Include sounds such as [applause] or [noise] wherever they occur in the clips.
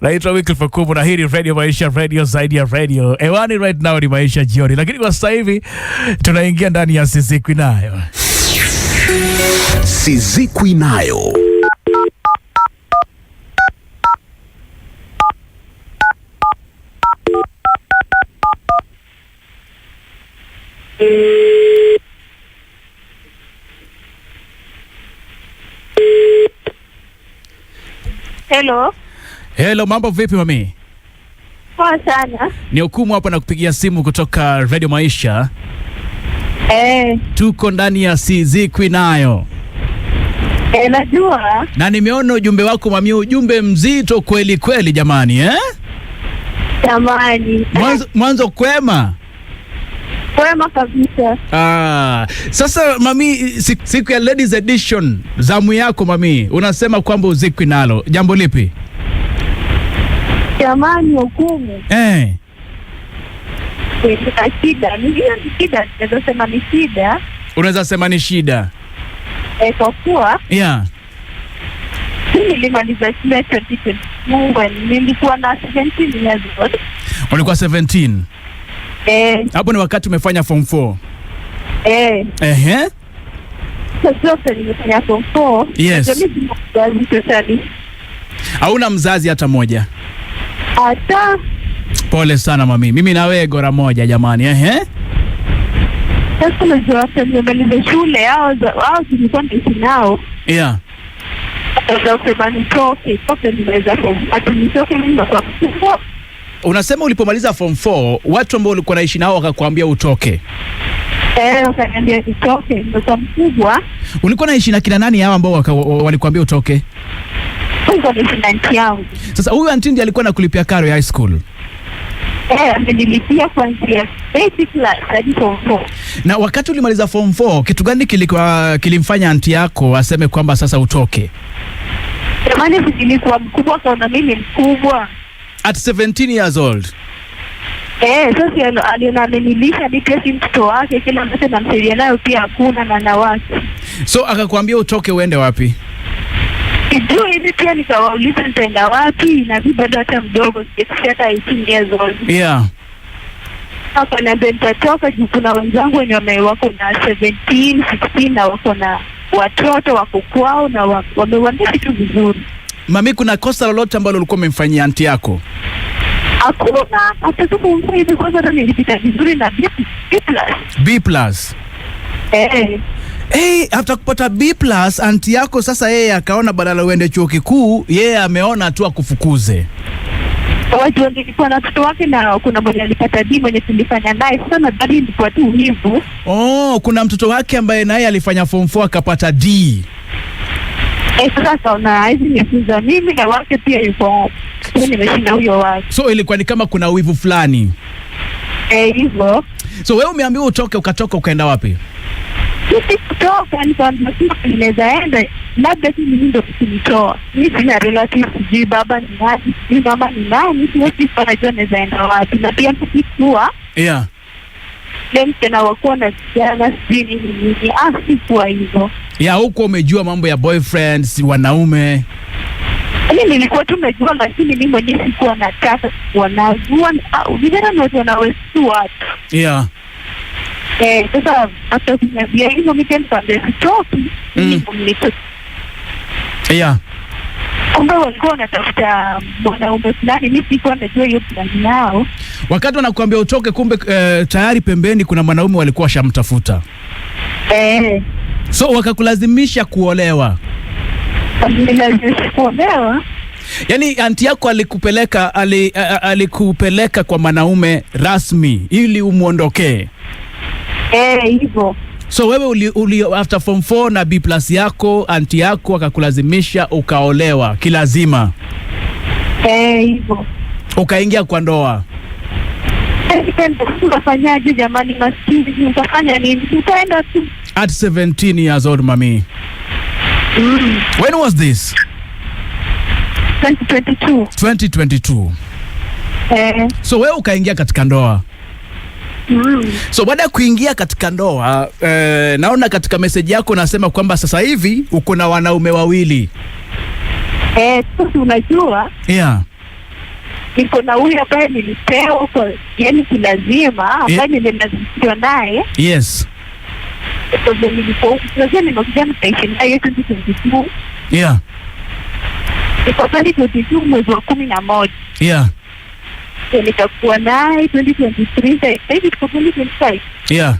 Naitwa Wycliffe Okumu na hii ni Radio Maisha, radio zaidi ya radio. Ewani right now ni Maisha Jioni, lakini kwa sasa hivi tunaingia ndani ya Sizikwi Nayo. Sizikwi Nayo. Hello. Hello, mambo vipi mami? Poa sana. Ni hukumu hapa na kupigia simu kutoka Radio Maisha. Eh. Tuko ndani ya sizikwi nayo. Eh, najua. Na nimeona ujumbe wako mami, ujumbe mzito kweli kweli jamani eh? Jamani. Mwanzo, mwanzo kwema? Kwema kabisa. Ah, sasa mami, siku ya Ladies Edition zamu yako mami, unasema kwamba uzikwi nalo. Jambo lipi? Jamani hukumu eh, kuna shida. Ni hiyo ni shida, tunaweza sema ni shida, unaweza sema ni shida eh, kwa kuwa yeah nilikuwa na 17 years old. Ulikuwa 17 eh, hapo ni wakati umefanya form 4 eh, Eh. sasa form 4. Yes, hauna mzazi hata moja Ata. pole sana mami, mimi na wewe gora moja jamani, ehe. Sasa unajua nimemaliza shule au hao, nilikuwa naishi nao yeah Unasema ulipomaliza form 4 watu ambao ulikuwa naishi nao wakakwambia utoke? Eh, wakaniambia nitoke, ndio mkubwa. Ulikuwa naishi na kina nani hao ambao walikwambia utoke? amenifunza maintenance yangu. Sasa huyu anti ndiye alikuwa anakulipia karo ya high school? Eh, amenilipia kuanzia yaani Na wakati ulimaliza form 4, kitu gani kilikuwa kilimfanya anti yako aseme kwamba sasa utoke? Jamani, nilikuwa mkubwa sana, mimi mkubwa at 17 years old. Eh, sasa aliona amenilisha ni pia si mtoto wake, kila mtu namsaidia nayo pia hakuna na nawasi. So akakwambia utoke uende wapi? sijui hivi pia nikawauliza nitaenda wapi, inabidi bado hata mdogo sijafikia hata eighteen years old. Yeah. Akaniambia nitatoka juu kuna wenzangu wenye wame wako na seventeen sixteen na wako na watoto wako kwao na wamewaambia vitu vizuri. Mami, kuna kosa lolote ambalo ulikuwa umemfanyia anti yako? Hakuna, hata kama hivi kwanza, hata nilipita vizuri na B plus. B plus. Eh. Hey, hata kupata B plus anti yako sasa, yeye akaona badala uende chuo kikuu, yeye ameona tu akufukuze. Watu wengi na watoto wake, na kuna mwenye alipata D mwenye tulifanya naye sana, bali ilikuwa tu hivyo. Oh, kuna mtoto wake ambaye naye alifanya form 4 akapata D. Eh, sasa una hizi funza mimi na wake pia yuko. Nimeshinda huyo wake. So ilikuwa ni kama kuna wivu fulani. Eh, hivyo. So wewe umeambiwa utoke, ukatoka ukaenda wapi? sisi kutoka ninaweza enda labda tu mimi ndo kunitoa. Mi sina relative, sijui baba ni nani, sijui mama ni nani, siwezi najua naweza enda wapi. Na pia sikuwa yeah mchana wakuwa na vijana sijui nini sikuwa hivyo ya huko. Umejua mambo ya boyfriends wanaume Yaani nilikuwa tu najua, lakini mi mwenyewe sikuwa nataka, sikuwa najua. Vijana ni watu wanawesua watu yeah Eh, sasa hata kuniambia hivyo mm. mimi ndio sitoki. Yeah. Kumbe walikuwa wanatafuta mwanaume fulani, mimi sikuwa najua hiyo plani yao. Wakati wanakuambia utoke, kumbe eh, tayari pembeni kuna mwanaume walikuwa washamtafuta. Eh. So wakakulazimisha kuolewa. Wakanilazimisha kuolewa. Yaani anti yako alikupeleka ali, alikupeleka kwa mwanaume rasmi ili umwondokee eh, hivyo. So wewe uli, uli after form 4 na B plus yako anti yako akakulazimisha ukaolewa kilazima eh, hivyo, eh, ukaingia kwa ndoa eh, Utafanyaje jamani, maskini, utafanya nini? Utaenda tu. At 17 years old mami. Mm. When was this? 2022. 2022. Eh. So wewe ukaingia katika ndoa Mm. So baada ya kuingia katika ndoa eh, naona katika message yako unasema kwamba sasa hivi uko na wanaume wawili. Eh, unajua yeah, niko na huyu ambaye nilipewa kwa yani kilazima ambaye nililazimishwa naye yes, lazima nimekuja nitaishi naye 2022 yeah, iko 2022 mwezi wa kumi na moja yeah naye 2023 sasa hivi tuko 2025. Yeah.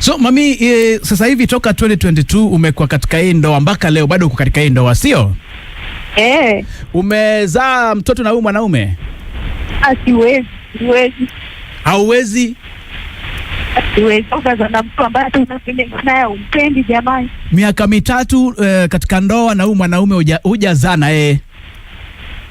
So mami e, sasa hivi toka 2022 umekuwa katika hii ndoa mpaka leo bado uko katika hii ndoa sio? Eh. Umezaa mtoto na huyu mwanaume? Asiwezi, ah, siwezi. Hauwezi? umpendi jamani. Miaka mitatu eh, katika ndoa na huyu mwanaume hujazana eh.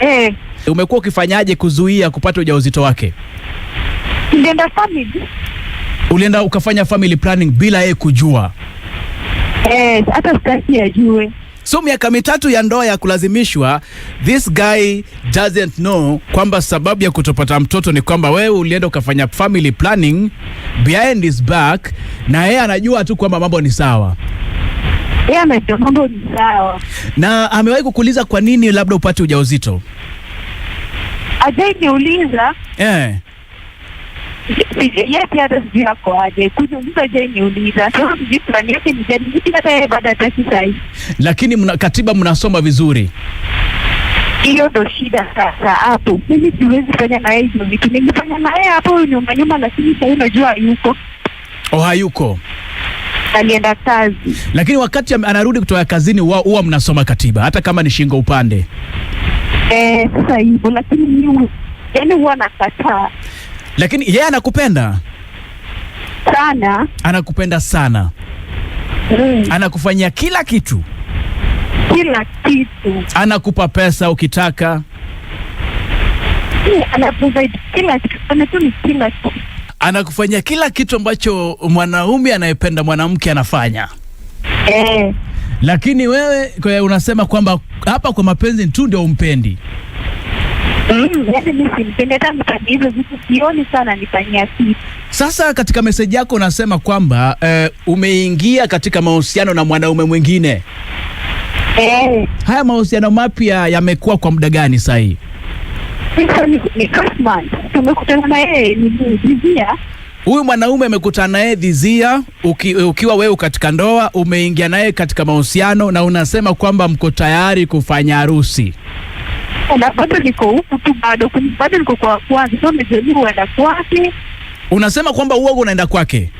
Eh. Umekuwa ukifanyaje kuzuia kupata ujauzito wake? Nilienda family. Ulienda ukafanya family planning bila yeye kujua? Eh, hata sitaki ajue. So miaka mitatu ya ndoa ya kulazimishwa, this guy doesn't know kwamba sababu ya kutopata mtoto ni kwamba wewe ulienda ukafanya family planning behind his back, na yeye anajua tu kwamba mambo ni sawa yeye anajua mambo ni sawa. Na amewahi kukuuliza kwa nini labda upate ujauzito? Ajai niuliza. Eh. Yeah hata aje lakini mna, katiba mnasoma vizuri hiyo ndo shida sasa hapo mimi siwezi fanya naye hivyo vitu nilifanya naye hapo nyuma nyuma lakini sahii unajua hayuko oh hayuko alienda kazi lakini wakati anarudi kutoka kazini huwa mnasoma katiba hata kama ni shingo upande eh sasa hivyo lakini yani huwa nakataa lakini yeye anakupenda sana, anakupenda sana mm. Anakufanyia kila kitu, kila kitu, anakupa pesa ukitaka, mm, anakufanyia kila kitu ambacho mwanaume anayependa mwanamke anafanya eh. Lakini wewe unasema kwamba hapa kwa mapenzi tu ndio umpendi sana Sasa katika meseji yako unasema kwamba eh, umeingia katika mahusiano na mwanaume mwingine eh. Haya mahusiano mapya yamekuwa kwa muda gani sahii tumekutana na huyu mwanaume amekutana naye dhizia uki, ukiwa wewe katika ndoa, umeingia naye katika mahusiano na unasema kwamba mko tayari kufanya harusi na bado niko huku tu, bado bado niko kwa kwake. So nimeamua kuenda kwake. Unasema kwamba uoga unaenda kwake?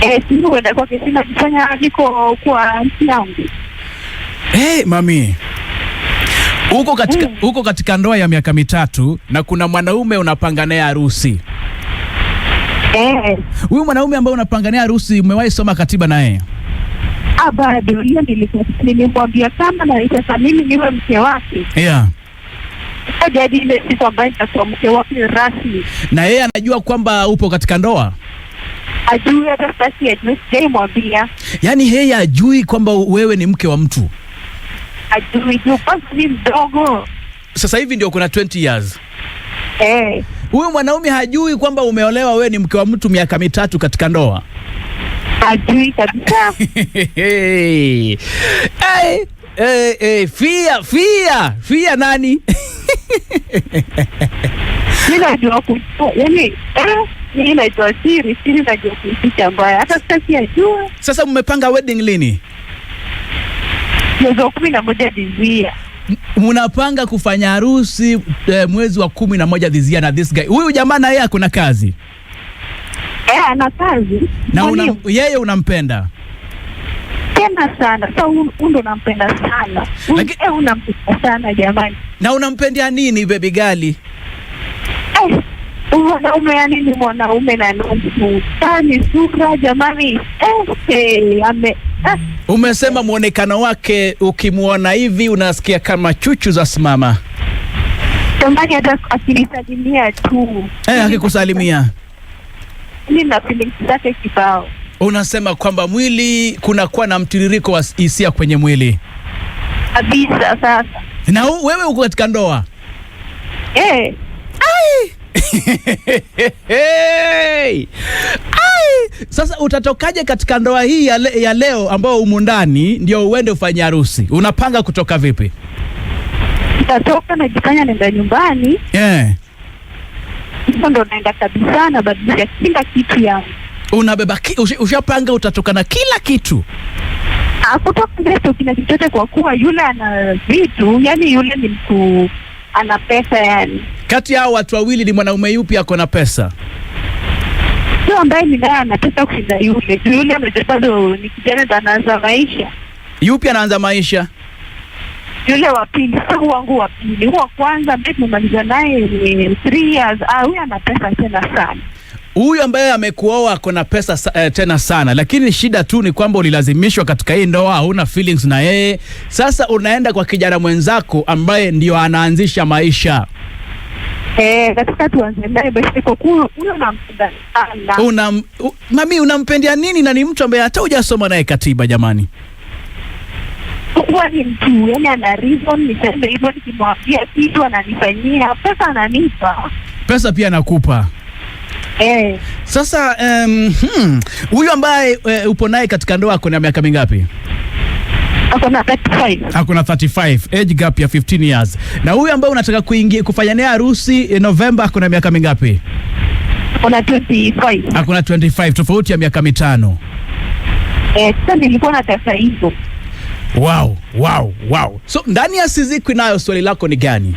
Eh, si unaenda kwake, sina kufanya, niko kwa nchi yangu. Eh, mami huko katika huko mm. katika ndoa ya miaka mitatu na kuna mwanaume unapanga naye harusi. Eh. Huyu mwanaume ambaye unapanga naye harusi umewahi soma katiba naye? Ah, bado hiyo nilimwambia kama na mimi niwe mke wake. Yeah moja hadi ile siku ambayo nitakuamkia wake rasmi. Na yeye anajua kwamba upo katika ndoa? Ajui hata sasa, ajui, sijaimwambia. Yaani yeye ajui kwamba wewe ni mke wa mtu? Ajui juu kwanza ni mdogo, sasa hivi ndio kuna 20 years eh. Huyu mwanaume hajui kwamba umeolewa, wewe ni mke wa mtu, miaka mitatu katika ndoa Ajui kabisa. [laughs] hey, hey, hey, fia fia fia nani? [laughs] mi najua yani ah, najua siri siri, najua kuificha mbaya, hata Sasa mmepanga wedding lini? mwezi wa kumi na moja dizia Mnapanga kufanya harusi eh, mwezi wa kumi na moja dhizia. Na this guy huyu jamaa na yeye kuna kazi eh, ana kazi na una, yeye unampenda Nampenda sana sa so, ndo nampenda sana Laki... e, unampenda sana jamani. Na unampendea nini bebi gali? Eh, mwanaume yani ni mwanaume na nusu tani sura jamani, eh, eh, ame eh. Umesema mwonekano wake ukimwona hivi unasikia kama chuchu za simama jamani, hata akinisalimia tu eh, akikusalimia mimi na feelings zake kibao unasema kwamba mwili kunakuwa na mtiririko wa hisia kwenye mwili kabisa. Sasa na wewe uko katika ndoa eh? Ai. Ai. Sasa utatokaje katika ndoa hii ya, le, ya leo ambayo umo ndani ndio uende ufanye harusi? Unapanga kutoka vipi? Nitatoka najifanya naenda nyumbani. Eh. Yeah. Ndo naenda kabisa, nabadilisha kila kitu yangu unabeba ushapanga utatoka na kila kitu ah, kutoka kina chochote, kwa kuwa yule ana vitu, yani yule ni mtu ana pesa. Yani kati ya hao watu wawili ni mwanaume yupi ako na pesa? Sio ambaye ni naye ana pesa kushinda yule. Yule bado ni kijana, anaanza maisha. Yupi anaanza maisha? Yule wa pili, sio wangu wa pili, wa kwanza, ambaye tumemaliza naye three years. Ah, huyu ana pesa tena sana huyu ambaye amekuoa ako na pesa eh, tena sana, lakini shida tu ni kwamba ulilazimishwa katika hii ndoa, hauna feelings na yeye. Sasa unaenda kwa kijana mwenzako ambaye ndio anaanzisha maisha Eh, nataka tuanze basi kwa kuwa sana. Una mami unampendea nini na ni mtu ambaye hata hujasoma naye katiba jamani? Kwa ana reason hivyo pesa ananipa. Pesa pia anakupa. Hey. Eh. Sasa hmm, huyu ambaye uh, upo naye katika ndoa ako na miaka mingapi? Ako na 35. Ako na 35. Age gap ya 15 years. Na huyu ambaye unataka kuingia kufanya naye harusi eh, Novemba ako na miaka mingapi? Ako na 25. Ako na 25, tofauti ya miaka mitano. Eh, sasa nilikuwa na pesa hizo. Wow, wow, wow. So ndani ya Sizikwi Nayo swali lako ni gani?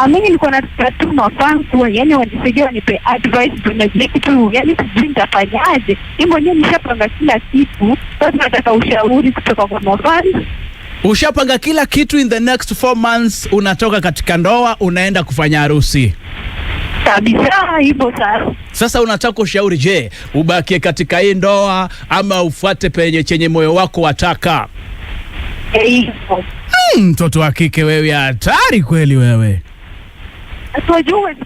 Ah, mimi nilikuwa natuma fans wa yani wanisaidia wanipe advice kuna kitu yani sijui nitafanyaje. Mimi mwenyewe nishapanga kila kitu, sasa nataka ushauri kutoka kwa mafans. Ushapanga kila kitu, in the next four months unatoka katika ndoa unaenda kufanya harusi kabisa hivyo. Sasa sasa unataka ushauri, je, ubakie katika hii ndoa ama ufuate penye chenye moyo wako wataka? Eh, hmm, mtoto hey, hmm, wa kike wewe, hatari kweli wewe. Tuwajue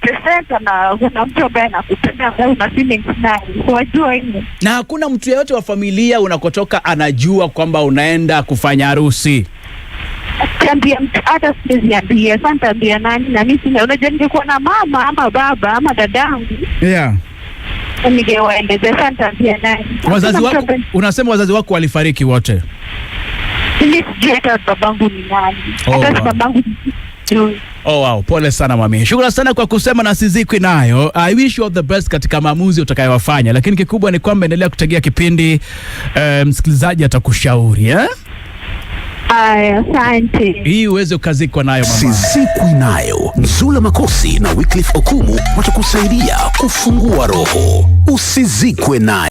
na kuna mtu ambaye anakupenda ambaye una feelings naye, Na hakuna mtu yeyote wa familia unakotoka anajua kwamba unaenda kufanya harusi? hata siwezi ambia. Sasa nitaambia nani? Na mimi sina, unajua ningekuwa na mama ama baba ama dadangu, yeah, Sasa nitaambia nani? Wazazi wako, unasema wazazi wako walifariki wote? Mimi sijui hata babangu ni nani, oh, hata babangu Mm. Oh, wow. Pole sana mami, shukrani sana kwa kusema na sizikwi Nayo. I wish you all the best katika maamuzi utakayowafanya, lakini kikubwa ni kwamba endelea kutegea kipindi, eh, msikilizaji um, atakushauri eh? asante. Hii uweze ukazikwa nayo mama. Sizikwi nayo. Nzula Makosi na Wycliffe Okumu watakusaidia kufungua roho. Usizikwe nayo.